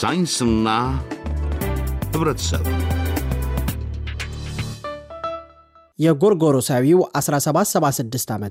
ሳይንስና ህብረተሰብ የጎርጎሮሳዊው 1776 ዓ ም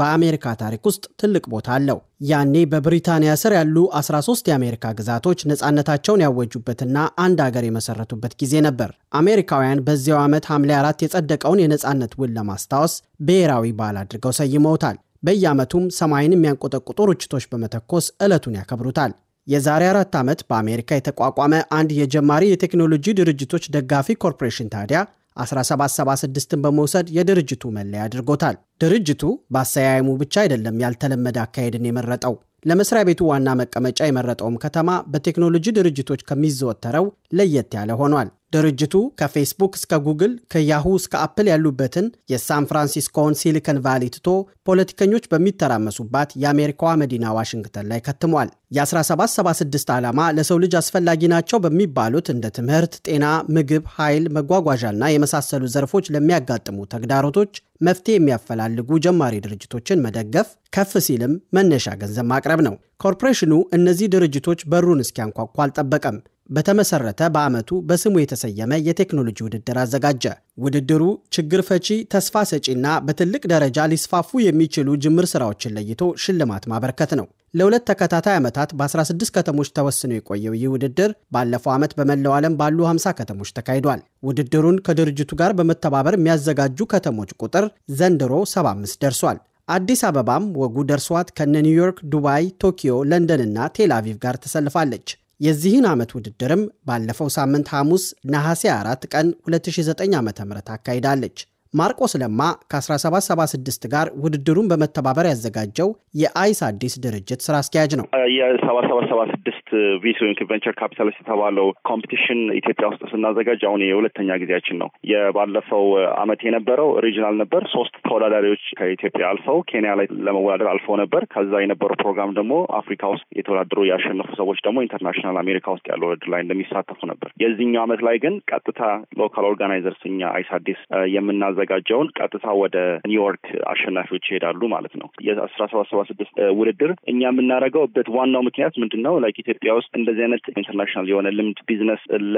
በአሜሪካ ታሪክ ውስጥ ትልቅ ቦታ አለው። ያኔ በብሪታንያ ስር ያሉ 13 የአሜሪካ ግዛቶች ነፃነታቸውን ያወጁበትና አንድ አገር የመሰረቱበት ጊዜ ነበር። አሜሪካውያን በዚያው ዓመት ሐምሌ 4 የጸደቀውን የነፃነት ውል ለማስታወስ ብሔራዊ በዓል አድርገው ሰይመውታል። በየዓመቱም ሰማይን የሚያንቆጠቁጡ ርችቶች በመተኮስ ዕለቱን ያከብሩታል። የዛሬ አራት ዓመት በአሜሪካ የተቋቋመ አንድ የጀማሪ የቴክኖሎጂ ድርጅቶች ደጋፊ ኮርፖሬሽን ታዲያ 1776ን በመውሰድ የድርጅቱ መለያ አድርጎታል። ድርጅቱ በአሰያየሙ ብቻ አይደለም ያልተለመደ አካሄድን የመረጠው። ለመስሪያ ቤቱ ዋና መቀመጫ የመረጠውም ከተማ በቴክኖሎጂ ድርጅቶች ከሚዘወተረው ለየት ያለ ሆኗል። ድርጅቱ ከፌስቡክ እስከ ጉግል ከያሁ እስከ አፕል ያሉበትን የሳን ፍራንሲስኮን ሲሊከን ቫሊ ትቶ ፖለቲከኞች በሚተራመሱባት የአሜሪካዋ መዲና ዋሽንግተን ላይ ከትሟል። የ1776 ዓላማ ለሰው ልጅ አስፈላጊ ናቸው በሚባሉት እንደ ትምህርት፣ ጤና፣ ምግብ፣ ኃይል፣ መጓጓዣና የመሳሰሉ ዘርፎች ለሚያጋጥሙ ተግዳሮቶች መፍትሄ የሚያፈላልጉ ጀማሪ ድርጅቶችን መደገፍ፣ ከፍ ሲልም መነሻ ገንዘብ ማቅረብ ነው። ኮርፖሬሽኑ እነዚህ ድርጅቶች በሩን እስኪያንኳኳ አልጠበቀም። በተመሰረተ በዓመቱ በስሙ የተሰየመ የቴክኖሎጂ ውድድር አዘጋጀ። ውድድሩ ችግር ፈቺ፣ ተስፋ ሰጪና በትልቅ ደረጃ ሊስፋፉ የሚችሉ ጅምር ስራዎችን ለይቶ ሽልማት ማበርከት ነው። ለሁለት ተከታታይ ዓመታት በ16 ከተሞች ተወስኖ የቆየው ይህ ውድድር ባለፈው ዓመት በመላው ዓለም ባሉ 50 ከተሞች ተካሂዷል። ውድድሩን ከድርጅቱ ጋር በመተባበር የሚያዘጋጁ ከተሞች ቁጥር ዘንድሮ 75 ደርሷል። አዲስ አበባም ወጉ ደርሷት ከነ ኒውዮርክ፣ ዱባይ፣ ቶኪዮ፣ ለንደን እና ቴል አቪቭ ጋር ተሰልፋለች። የዚህን ዓመት ውድድርም ባለፈው ሳምንት ሐሙስ ነሐሴ 4 ቀን 2009 ዓ ም አካሂዳለች። ማርቆስ ለማ ከ1776 ጋር ውድድሩን በመተባበር ያዘጋጀው የአይስ አዲስ ድርጅት ስራ አስኪያጅ ነው። የ7776 ቪሲ ወይም ቬንቸር ካፒታሊስት የተባለው ኮምፒቲሽን ኢትዮጵያ ውስጥ ስናዘጋጅ አሁን የሁለተኛ ጊዜያችን ነው። የባለፈው አመት የነበረው ሪጅናል ነበር። ሶስት ተወዳዳሪዎች ከኢትዮጵያ አልፈው ኬንያ ላይ ለመወዳደር አልፈው ነበር። ከዛ የነበረው ፕሮግራም ደግሞ አፍሪካ ውስጥ የተወዳደሩ ያሸነፉ ሰዎች ደግሞ ኢንተርናሽናል አሜሪካ ውስጥ ያለው ውድድር ላይ እንደሚሳተፉ ነበር። የዚህኛው አመት ላይ ግን ቀጥታ ሎካል ኦርጋናይዘርስ እኛ አይስ አዲስ የምና የተዘጋጀውን ቀጥታ ወደ ኒውዮርክ አሸናፊዎች ይሄዳሉ ማለት ነው። የአስራ ሰባት ሰባ ስድስት ውድድር እኛ የምናደርገው በት ዋናው ምክንያት ምንድን ነው? ላይክ ኢትዮጵያ ውስጥ እንደዚህ አይነት ኢንተርናሽናል የሆነ ልምድ ቢዝነስ ለሚጀምሩ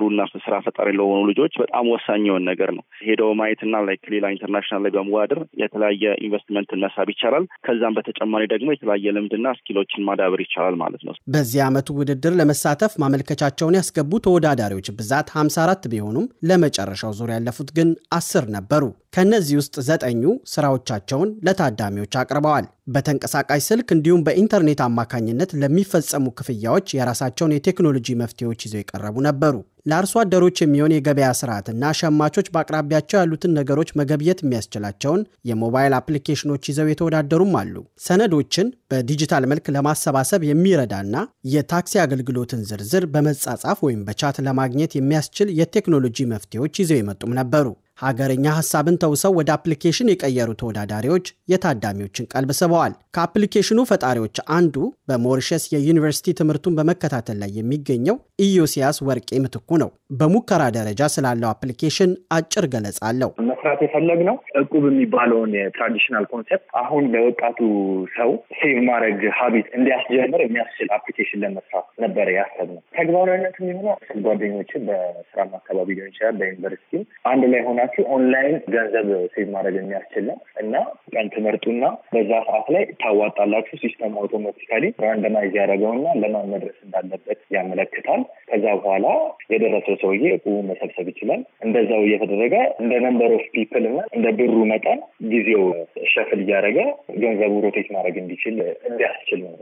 ለሚጀምሩና ስራ ፈጣሪ ለሆኑ ልጆች በጣም ወሳኝ የሆነ ነገር ነው። ሄደው ማየትና ላይክ ሌላ ኢንተርናሽናል ላይ በመወዳደር የተለያየ ኢንቨስትመንትን መሳብ ይቻላል። ከዛም በተጨማሪ ደግሞ የተለያየ ልምድና ስኪሎችን ማዳበር ይቻላል ማለት ነው። በዚህ አመቱ ውድድር ለመሳተፍ ማመልከቻቸውን ያስገቡ ተወዳዳሪዎች ብዛት ሀምሳ አራት ቢሆኑም ለመጨረሻው ዙር ያለፉት ግን አስር ነበር። ነበሩ። ከእነዚህ ውስጥ ዘጠኙ ስራዎቻቸውን ለታዳሚዎች አቅርበዋል። በተንቀሳቃሽ ስልክ እንዲሁም በኢንተርኔት አማካኝነት ለሚፈጸሙ ክፍያዎች የራሳቸውን የቴክኖሎጂ መፍትሄዎች ይዘው የቀረቡ ነበሩ። ለአርሶ አደሮች የሚሆን የገበያ ስርዓትና ሸማቾች በአቅራቢያቸው ያሉትን ነገሮች መገብየት የሚያስችላቸውን የሞባይል አፕሊኬሽኖች ይዘው የተወዳደሩም አሉ። ሰነዶችን በዲጂታል መልክ ለማሰባሰብ የሚረዳና የታክሲ አገልግሎትን ዝርዝር በመጻጻፍ ወይም በቻት ለማግኘት የሚያስችል የቴክኖሎጂ መፍትሄዎች ይዘው የመጡም ነበሩ። ሀገርኛ ሐሳብን ተውሰው ወደ አፕሊኬሽን የቀየሩ ተወዳዳሪዎች የታዳሚዎችን ቀልብ ስበዋል። ከአፕሊኬሽኑ ፈጣሪዎች አንዱ በሞሪሸስ የዩኒቨርሲቲ ትምህርቱን በመከታተል ላይ የሚገኘው ኢዮስያስ ወርቄ ምትኩ ነው። በሙከራ ደረጃ ስላለው አፕሊኬሽን አጭር ገለጻ አለው። መስራት የፈለግነው እቁብ የሚባለውን የትራዲሽናል ኮንሴፕት አሁን ለወጣቱ ሰው ሴቭ ማድረግ ሀቢት እንዲያስጀምር የሚያስችል አፕሊኬሽን ለመስራት ነበረ ያሰብነው። ተግባራዊነት የሚሆነው ጓደኞችን በስራም አካባቢ ሊሆን ይችላል በዩኒቨርሲቲ አንድ ላይ ሆና ካላችሁ ኦንላይን ገንዘብ ሴቭ ማድረግ የሚያስችል ነው እና ቀን ትመርጡና በዛ ሰዓት ላይ ታዋጣላችሁ። ሲስተም አውቶማቲካሊ ራንደማይዝ ያደረገውና ለማን መድረስ እንዳለበት ያመለክታል። ከዛ በኋላ የደረሰው ሰውዬ እቁቡ መሰብሰብ ይችላል። እንደዛው እየተደረገ እንደ ነምበር ኦፍ ፒፕል እና እንደ ብሩ መጠን ጊዜው ሸፍል እያደረገ ገንዘቡ ሮቴት ማድረግ እንዲችል እንዲያስችል ነው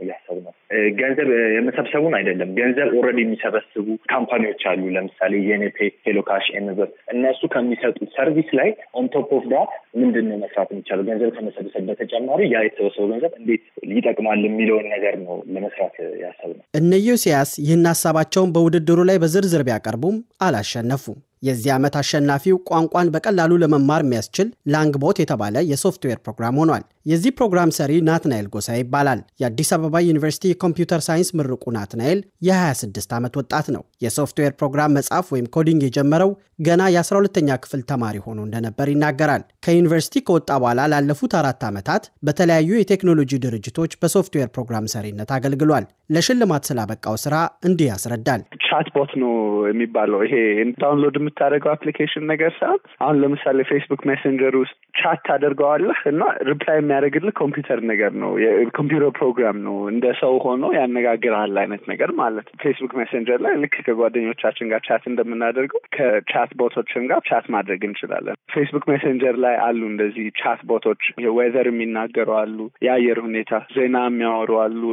ነው። ገንዘብ የመሰብሰቡን አይደለም። ገንዘብ ኦልሬዲ የሚሰበስቡ ካምፓኒዎች አሉ። ለምሳሌ የኔፔ፣ ሄሎካሽ፣ ኤምብር እነሱ ከሚሰጡት ሰርቪስ ላይ ኦንቶፕ ኦፍ ዳት ምንድን ነው መስራት የሚቻለው? ገንዘብ ከመሰብሰብ በተጨማሪ ያ የተሰበሰበው ገንዘብ እንዴት ይጠቅማል የሚለውን ነገር ነው ለመስራት ያሰብነው። እነ ዩሲያስ ይህን ሀሳባቸውን በውድድሩ ላይ በዝርዝር ቢያቀርቡም አላሸነፉም። የዚህ ዓመት አሸናፊው ቋንቋን በቀላሉ ለመማር የሚያስችል ላንግቦት የተባለ የሶፍትዌር ፕሮግራም ሆኗል። የዚህ ፕሮግራም ሰሪ ናትናኤል ጎሳ ይባላል። የአዲስ አበባ ዩኒቨርሲቲ የኮምፒውተር ሳይንስ ምርቁ ናትናኤል የ26 ዓመት ወጣት ነው። የሶፍትዌር ፕሮግራም መጻፍ ወይም ኮዲንግ የጀመረው ገና የ12ተኛ ክፍል ተማሪ ሆኖ እንደነበር ይናገራል። ከዩኒቨርሲቲ ከወጣ በኋላ ላለፉት አራት ዓመታት በተለያዩ የቴክኖሎጂ ድርጅቶች በሶፍትዌር ፕሮግራም ሰሪነት አገልግሏል። ለሽልማት ስላበቃው ስራ እንዲህ ያስረዳል። ቻትቦት ነው የሚባለው ይሄ ዳውንሎድ የምታደርገው አፕሊኬሽን ነገር ሰዓት አሁን ለምሳሌ ፌስቡክ ሜሴንጀር ውስጥ ቻት ታደርገዋለህ እና ሪፕላይ የሚያደርግልህ ኮምፒውተር ነገር ነው። የኮምፒውተር ፕሮግራም ነው። እንደ ሰው ሆኖ ያነጋግርሃል አይነት ነገር ማለት ነው። ፌስቡክ ሜሴንጀር ላይ ልክ ከጓደኞቻችን ጋር ቻት እንደምናደርገው ከቻት ቦቶችም ጋር ቻት ማድረግ እንችላለን። ፌስቡክ ሜሴንጀር ላይ አሉ እንደዚህ ቻት ቦቶች፣ ወዘር የሚናገሩ አሉ፣ የአየር ሁኔታ ዜና የሚያወሩ አሉ፣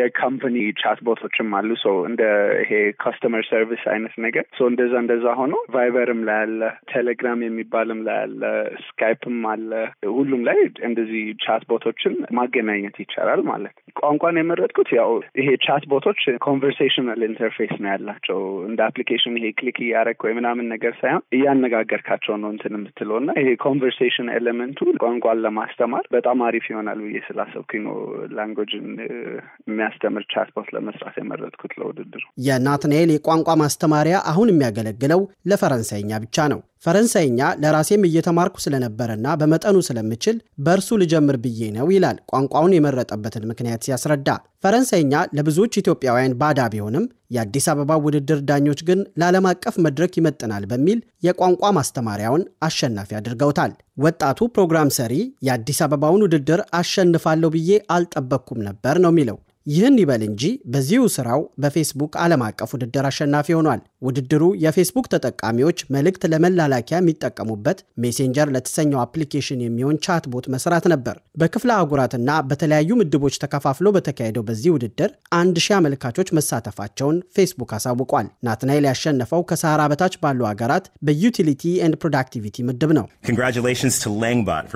የካምፕኒ ቻት ቦቶችም አሉ። ሰው እንደ ይሄ ከስተመር ሰርቪስ አይነት ነገር ሶ እንደዛ እንደዛ ሆኖ ቫይበርም ላይ አለ፣ ቴሌግራም የሚባልም ላይ አለ፣ ስካይፕም አለ። ሁሉም ላይ እንደዚህ ቻት ቦቶችን ማገናኘት ይቻላል ማለት ቋንቋን የመረጥኩት ያው ይሄ ቻት ቦቶች ኮንቨርሴሽናል ኢንተርፌስ ነው ያላቸው እንደ አፕሊኬሽን ይሄ ክሊክ እያረግ ወይ ምናምን ነገር ሳይሆን እያነጋገርካቸው ነው እንትን የምትለው እና ይሄ ኮንቨርሴሽን ኤሌመንቱ ቋንቋን ለማስተማር በጣም አሪፍ ይሆናል ብዬ ስላሰብኩኝ ነው ላንጉጅን የሚያስተምር ቻት ስፖርት ለመስራት የመረጥኩት ለውድድር። የናትናኤል የቋንቋ ማስተማሪያ አሁን የሚያገለግለው ለፈረንሳይኛ ብቻ ነው። ፈረንሳይኛ ለራሴም እየተማርኩ ስለነበረና በመጠኑ ስለምችል በእርሱ ልጀምር ብዬ ነው ይላል ቋንቋውን የመረጠበትን ምክንያት ሲያስረዳ። ፈረንሳይኛ ለብዙዎች ኢትዮጵያውያን ባዳ ቢሆንም የአዲስ አበባ ውድድር ዳኞች ግን ለዓለም አቀፍ መድረክ ይመጥናል በሚል የቋንቋ ማስተማሪያውን አሸናፊ አድርገውታል። ወጣቱ ፕሮግራም ሰሪ የአዲስ አበባውን ውድድር አሸንፋለሁ ብዬ አልጠበቅኩም ነበር ነው የሚለው። ይህን ይበል እንጂ በዚሁ ስራው በፌስቡክ ዓለም አቀፍ ውድድር አሸናፊ ሆኗል። ውድድሩ የፌስቡክ ተጠቃሚዎች መልእክት ለመላላኪያ የሚጠቀሙበት ሜሴንጀር ለተሰኘው አፕሊኬሽን የሚሆን ቻትቦት መስራት ነበር። በክፍለ አህጉራትና በተለያዩ ምድቦች ተከፋፍሎ በተካሄደው በዚህ ውድድር አንድ ሺህ አመልካቾች መሳተፋቸውን ፌስቡክ አሳውቋል። ናትናኤል ያሸነፈው ከሰሃራ በታች ባሉ ሀገራት በዩቲሊቲ ኤንድ ፕሮዳክቲቪቲ ምድብ ነው። Congratulations to Langbot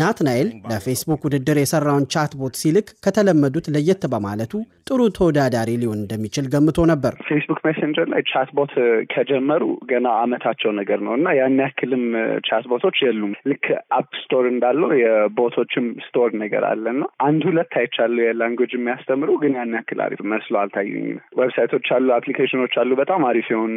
ናትናኤል ለፌስቡክ ውድድር የሰራውን ቻትቦት ሲልክ ከተለመዱት ለየት በማለቱ ጥሩ ተወዳዳሪ ሊሆን እንደሚችል ገምቶ ነበር። ፌስቡክ ሜሴንጀር ላይ ቻትቦት ከጀመሩ ገና አመታቸው ነገር ነው እና ያን ያክልም ቻትቦቶች የሉም። ልክ አፕ ስቶር እንዳለው የቦቶችም ስቶር ነገር አለ ና አንድ ሁለት አይቻለሁ የላንጉጅ የሚያስተምሩ ግን ያን ያክል አሪፍ መስሎ አልታዩኝም። ዌብሳይቶች አሉ፣ አፕሊኬሽኖች አሉ በጣም አሪፍ የሆኑ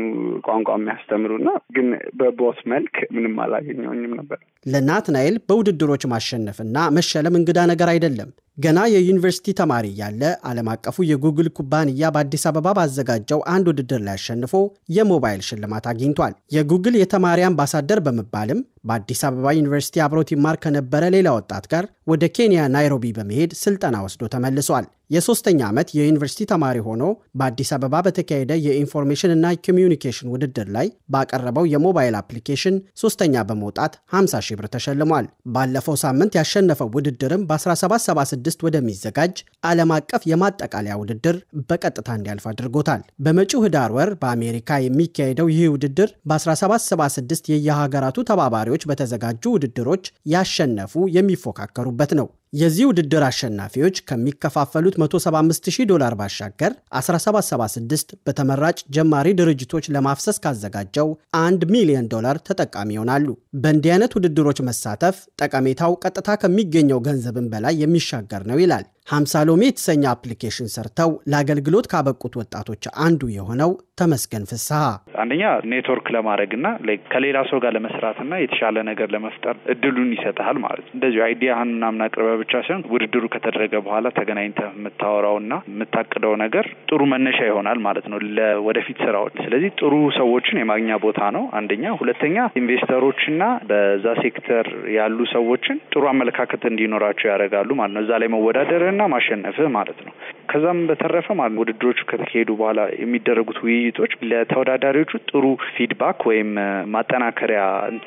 ቋንቋ የሚያስተምሩ እና ግን በቦት መልክ ምንም አላገኘውኝም ነበር። ለናትናኤል በውድድሮች ማሸነፍና መሸለም እንግዳ ነገር አይደለም። ገና የዩኒቨርሲቲ ተማሪ እያለ ዓለም አቀፉ የጉግል ኩባንያ በአዲስ አበባ ባዘጋጀው አንድ ውድድር ላይ አሸንፎ የሞባይል ሽልማት አግኝቷል። የጉግል የተማሪ አምባሳደር በመባልም በአዲስ አበባ ዩኒቨርሲቲ አብሮት ይማር ከነበረ ሌላ ወጣት ጋር ወደ ኬንያ ናይሮቢ በመሄድ ስልጠና ወስዶ ተመልሷል። የሶስተኛ ዓመት የዩኒቨርሲቲ ተማሪ ሆኖ በአዲስ አበባ በተካሄደ የኢንፎርሜሽን እና ኮሚዩኒኬሽን ውድድር ላይ ባቀረበው የሞባይል አፕሊኬሽን ሶስተኛ በመውጣት 50 ሺህ ብር ተሸልሟል። ባለፈው ሳምንት ያሸነፈው ውድድርም በ1776 2026 ወደሚዘጋጅ ዓለም አቀፍ የማጠቃለያ ውድድር በቀጥታ እንዲያልፍ አድርጎታል። በመጪው ህዳር ወር በአሜሪካ የሚካሄደው ይህ ውድድር በ1776 የየሀገራቱ ተባባሪዎች በተዘጋጁ ውድድሮች ያሸነፉ የሚፎካከሩበት ነው። የዚህ ውድድር አሸናፊዎች ከሚከፋፈሉት 175000 ዶላር ባሻገር 1776 በተመራጭ ጀማሪ ድርጅቶች ለማፍሰስ ካዘጋጀው 1 ሚሊዮን ዶላር ተጠቃሚ ይሆናሉ። በእንዲህ አይነት ውድድሮች መሳተፍ ጠቀሜታው ቀጥታ ከሚገኘው ገንዘብን በላይ የሚሻገር ነው ይላል 50 ሎሜ የተሰኘ አፕሊኬሽን ሰርተው ለአገልግሎት ካበቁት ወጣቶች አንዱ የሆነው ተመስገን ፍስሀ አንደኛ ኔትወርክ ለማድረግና ከሌላ ሰው ጋር ለመስራትና የተሻለ ነገር ለመፍጠር እድሉን ይሰጠሃል ማለት ነው። እንደዚሁ አይዲያህን ምናምን አቅርበ ብቻ ሳይሆን ውድድሩ ከተደረገ በኋላ የምታወራው የምታወራውና የምታቅደው ነገር ጥሩ መነሻ ይሆናል ማለት ነው ለወደፊት ስራዎች። ስለዚህ ጥሩ ሰዎችን የማግኛ ቦታ ነው አንደኛ። ሁለተኛ ኢንቨስተሮችና በዛ ሴክተር ያሉ ሰዎችን ጥሩ አመለካከት እንዲኖራቸው ያደርጋሉ ማለት ነው። እዛ ላይ መወዳደር መወዳደርና ማሸነፍህ ማለት ነው። ከዛም በተረፈ ማለት ውድድሮቹ ከተካሄዱ በኋላ የሚደረጉት ውይይቶች ለተወዳዳሪዎቹ ጥሩ ፊድባክ ወይም ማጠናከሪያ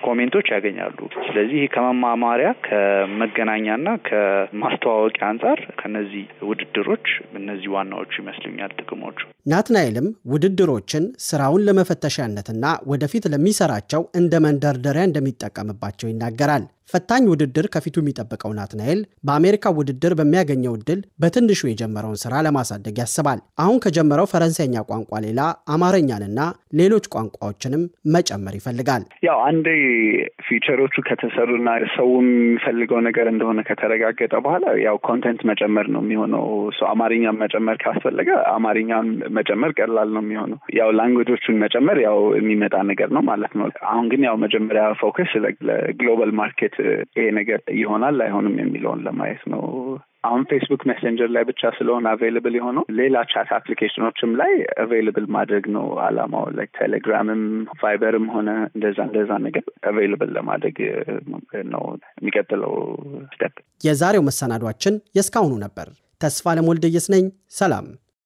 ኮሜንቶች ያገኛሉ። ስለዚህ ይህ ከመማማሪያ ከመገናኛና ከማስተዋወቂያ አንጻር ከነዚህ ውድድሮች እነዚህ ዋናዎቹ ይመስሉኛል ጥቅሞቹ። ናትናኤልም ውድድሮችን ስራውን ለመፈተሻነትና ወደፊት ለሚሰራቸው እንደ መንደርደሪያ እንደሚጠቀምባቸው ይናገራል። ፈታኝ ውድድር ከፊቱ የሚጠብቀው ናትናኤል በአሜሪካ ውድድር በሚያገኘው እድል በትንሹ የጀመረውን ስራ ለማሳደግ ያስባል። አሁን ከጀመረው ፈረንሳይኛ ቋንቋ ሌላ አማርኛንና ሌሎች ቋንቋዎችንም መጨመር ይፈልጋል። ያው አንዴ ፊቸሮቹ ከተሰሩና ሰው የሚፈልገው ነገር እንደሆነ ከተረጋገጠ በኋላ ያው ኮንተንት መጨመር ነው የሚሆነው። ሰው አማርኛን መጨመር ካስፈለገ አማርኛን መጨመር ቀላል ነው የሚሆነው። ያው ላንጉጆቹን መጨመር ያው የሚመጣ ነገር ነው ማለት ነው። አሁን ግን ያው መጀመሪያ ፎከስ ለግሎባል ማርኬት ይሄ ነገር ይሆናል አይሆንም የሚለውን ለማየት ነው። አሁን ፌስቡክ ሜሴንጀር ላይ ብቻ ስለሆነ አቬይለብል የሆነው ሌላ ቻት አፕሊኬሽኖችም ላይ አቬይለብል ማድረግ ነው አላማው። ላይ ቴሌግራምም ቫይበርም ሆነ እንደዛ እንደዛ ነገር አቬይለብል ለማድረግ ነው የሚቀጥለው ስቴፕ። የዛሬው መሰናዷችን የእስካሁኑ ነበር። ተስፋ ለሞልደየስ ነኝ። ሰላም።